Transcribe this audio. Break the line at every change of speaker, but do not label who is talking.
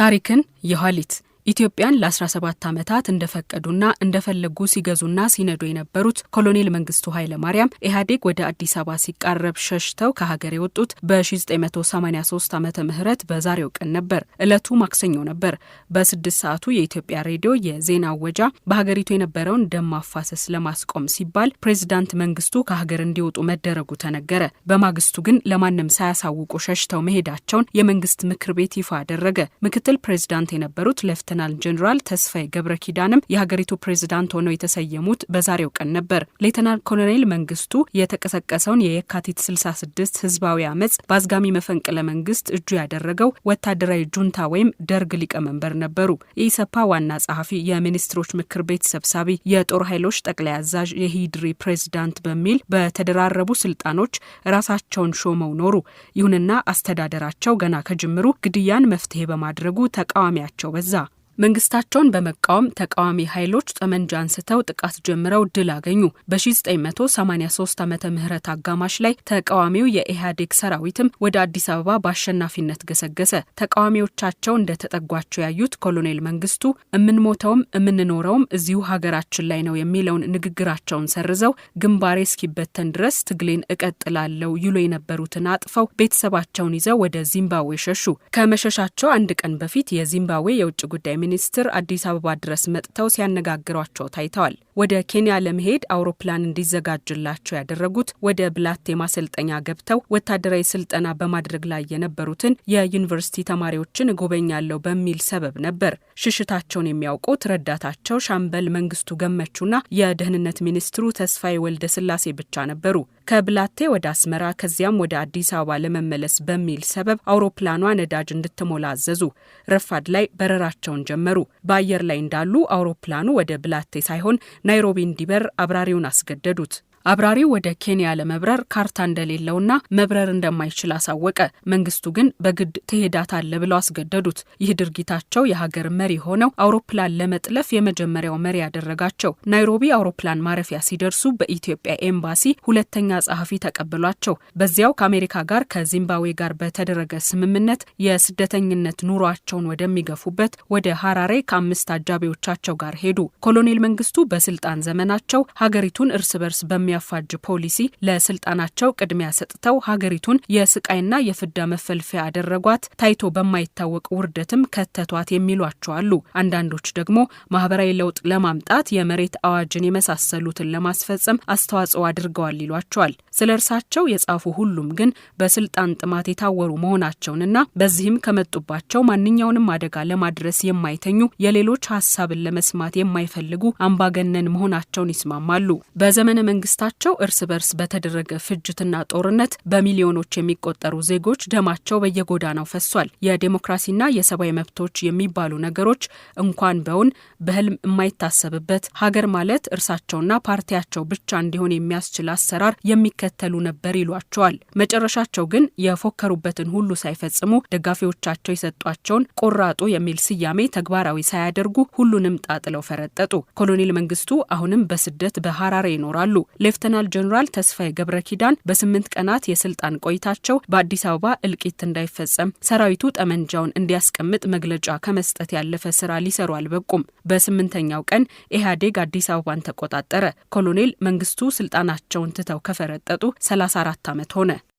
ታሪክን የኋሊት ኢትዮጵያን ለ17 ዓመታት እንደፈቀዱና እንደፈለጉ ሲገዙና ሲነዱ የነበሩት ኮሎኔል መንግስቱ ኃይለ ማርያም ኢህአዴግ ወደ አዲስ አበባ ሲቃረብ ሸሽተው ከሀገር የወጡት በ1983 ዓመተ ምህረት በዛሬው ቀን ነበር። እለቱ ማክሰኞ ነበር። በስድስት ሰዓቱ የኢትዮጵያ ሬዲዮ የዜና አወጃ በሀገሪቱ የነበረውን ደም ማፋሰስ ለማስቆም ሲባል ፕሬዚዳንት መንግስቱ ከሀገር እንዲወጡ መደረጉ ተነገረ። በማግስቱ ግን ለማንም ሳያሳውቁ ሸሽተው መሄዳቸውን የመንግስት ምክር ቤት ይፋ አደረገ። ምክትል ፕሬዚዳንት የነበሩት ለፍተ ሌተናል ጀኔራል ተስፋዬ ገብረ ኪዳንም የሀገሪቱ ፕሬዝዳንት ሆነው የተሰየሙት በዛሬው ቀን ነበር። ሌተናል ኮሎኔል መንግስቱ የተቀሰቀሰውን የየካቲት 66 ህዝባዊ አመፅ በአዝጋሚ መፈንቅለ መንግስት እጁ ያደረገው ወታደራዊ ጁንታ ወይም ደርግ ሊቀመንበር ነበሩ። የኢሰፓ ዋና ጸሐፊ፣ የሚኒስትሮች ምክር ቤት ሰብሳቢ፣ የጦር ኃይሎች ጠቅላይ አዛዥ፣ የሂድሪ ፕሬዝዳንት በሚል በተደራረቡ ስልጣኖች ራሳቸውን ሾመው ኖሩ። ይሁንና አስተዳደራቸው ገና ከጅምሩ ግድያን መፍትሄ በማድረጉ ተቃዋሚያቸው በዛ። መንግስታቸውን በመቃወም ተቃዋሚ ኃይሎች ጠመንጃ አንስተው ጥቃት ጀምረው ድል አገኙ። በ1983 ዓመተ ምህረት አጋማሽ ላይ ተቃዋሚው የኢህአዴግ ሰራዊትም ወደ አዲስ አበባ በአሸናፊነት ገሰገሰ። ተቃዋሚዎቻቸው እንደተጠጓቸው ያዩት ኮሎኔል መንግስቱ እምንሞተውም እምንኖረውም እዚሁ ሀገራችን ላይ ነው የሚለውን ንግግራቸውን ሰርዘው ግንባሬ እስኪበተን ድረስ ትግሌን እቀጥላለው ይሉ የነበሩትን አጥፈው ቤተሰባቸውን ይዘው ወደ ዚምባብዌ ሸሹ። ከመሸሻቸው አንድ ቀን በፊት የዚምባብዌ የውጭ ጉዳይ ሚኒስትር አዲስ አበባ ድረስ መጥተው ሲያነጋግሯቸው ታይተዋል። ወደ ኬንያ ለመሄድ አውሮፕላን እንዲዘጋጅላቸው ያደረጉት ወደ ብላቴ ማሰልጠኛ ገብተው ወታደራዊ ስልጠና በማድረግ ላይ የነበሩትን የዩኒቨርሲቲ ተማሪዎችን እጎበኛለሁ በሚል ሰበብ ነበር። ሽሽታቸውን የሚያውቁት ረዳታቸው ሻምበል መንግስቱ ገመቹና የደህንነት ሚኒስትሩ ተስፋዬ ወልደ ስላሴ ብቻ ነበሩ። ከብላቴ ወደ አስመራ ከዚያም ወደ አዲስ አበባ ለመመለስ በሚል ሰበብ አውሮፕላኗ ነዳጅ እንድትሞላ አዘዙ። ረፋድ ላይ በረራቸውን ጀመሩ። በአየር ላይ እንዳሉ አውሮፕላኑ ወደ ብላቴ ሳይሆን ናይሮቢ እንዲበር አብራሪውን አስገደዱት። አብራሪው ወደ ኬንያ ለመብረር ካርታ እንደሌለውና መብረር እንደማይችል አሳወቀ። መንግስቱ ግን በግድ ትሄዳታለ ብለው አስገደዱት። ይህ ድርጊታቸው የሀገር መሪ ሆነው አውሮፕላን ለመጥለፍ የመጀመሪያው መሪ ያደረጋቸው። ናይሮቢ አውሮፕላን ማረፊያ ሲደርሱ በኢትዮጵያ ኤምባሲ ሁለተኛ ጸሐፊ ተቀብሏቸው በዚያው ከአሜሪካ ጋር ከዚምባብዌ ጋር በተደረገ ስምምነት የስደተኝነት ኑሯቸውን ወደሚገፉበት ወደ ሀራሬ ከአምስት አጃቢዎቻቸው ጋር ሄዱ። ኮሎኔል መንግስቱ በስልጣን ዘመናቸው ሀገሪቱን እርስ በርስ በሚያ የሚያፋጅ ፖሊሲ ለስልጣናቸው ቅድሚያ ሰጥተው ሀገሪቱን የስቃይና የፍዳ መፈልፈያ አደረጓት፣ ታይቶ በማይታወቅ ውርደትም ከተቷት የሚሏቸው አሉ። አንዳንዶች ደግሞ ማህበራዊ ለውጥ ለማምጣት የመሬት አዋጅን የመሳሰሉትን ለማስፈጸም አስተዋጽኦ አድርገዋል ይሏቸዋል። ስለ እርሳቸው የጻፉ ሁሉም ግን በስልጣን ጥማት የታወሩ መሆናቸውንና በዚህም ከመጡባቸው ማንኛውንም አደጋ ለማድረስ የማይተኙ የሌሎች ሀሳብን ለመስማት የማይፈልጉ አምባገነን መሆናቸውን ይስማማሉ። በዘመነ መንግስታቸው እርስ በርስ በተደረገ ፍጅትና ጦርነት በሚሊዮኖች የሚቆጠሩ ዜጎች ደማቸው በየጎዳናው ፈሷል። የዴሞክራሲና የሰብአዊ መብቶች የሚባሉ ነገሮች እንኳን በውን በህልም የማይታሰብበት ሀገር ማለት እርሳቸውና ፓርቲያቸው ብቻ እንዲሆን የሚያስችል አሰራር የሚከ ይከተሉ ነበር ይሏቸዋል። መጨረሻቸው ግን የፎከሩበትን ሁሉ ሳይፈጽሙ ደጋፊዎቻቸው የሰጧቸውን ቆራጡ የሚል ስያሜ ተግባራዊ ሳያደርጉ ሁሉንም ጣጥለው ፈረጠጡ። ኮሎኔል መንግስቱ አሁንም በስደት በሀራሬ ይኖራሉ። ሌፍተናል ጀኔራል ተስፋዬ ገብረ ኪዳን በስምንት ቀናት የስልጣን ቆይታቸው በአዲስ አበባ እልቂት እንዳይፈጸም ሰራዊቱ ጠመንጃውን እንዲያስቀምጥ መግለጫ ከመስጠት ያለፈ ስራ ሊሰሩ አልበቁም። በስምንተኛው ቀን ኢህአዴግ አዲስ አበባን ተቆጣጠረ። ኮሎኔል መንግስቱ ስልጣናቸውን ትተው ከፈረጠ ከተቀጠቀጡ 34 ዓመት ሆነ።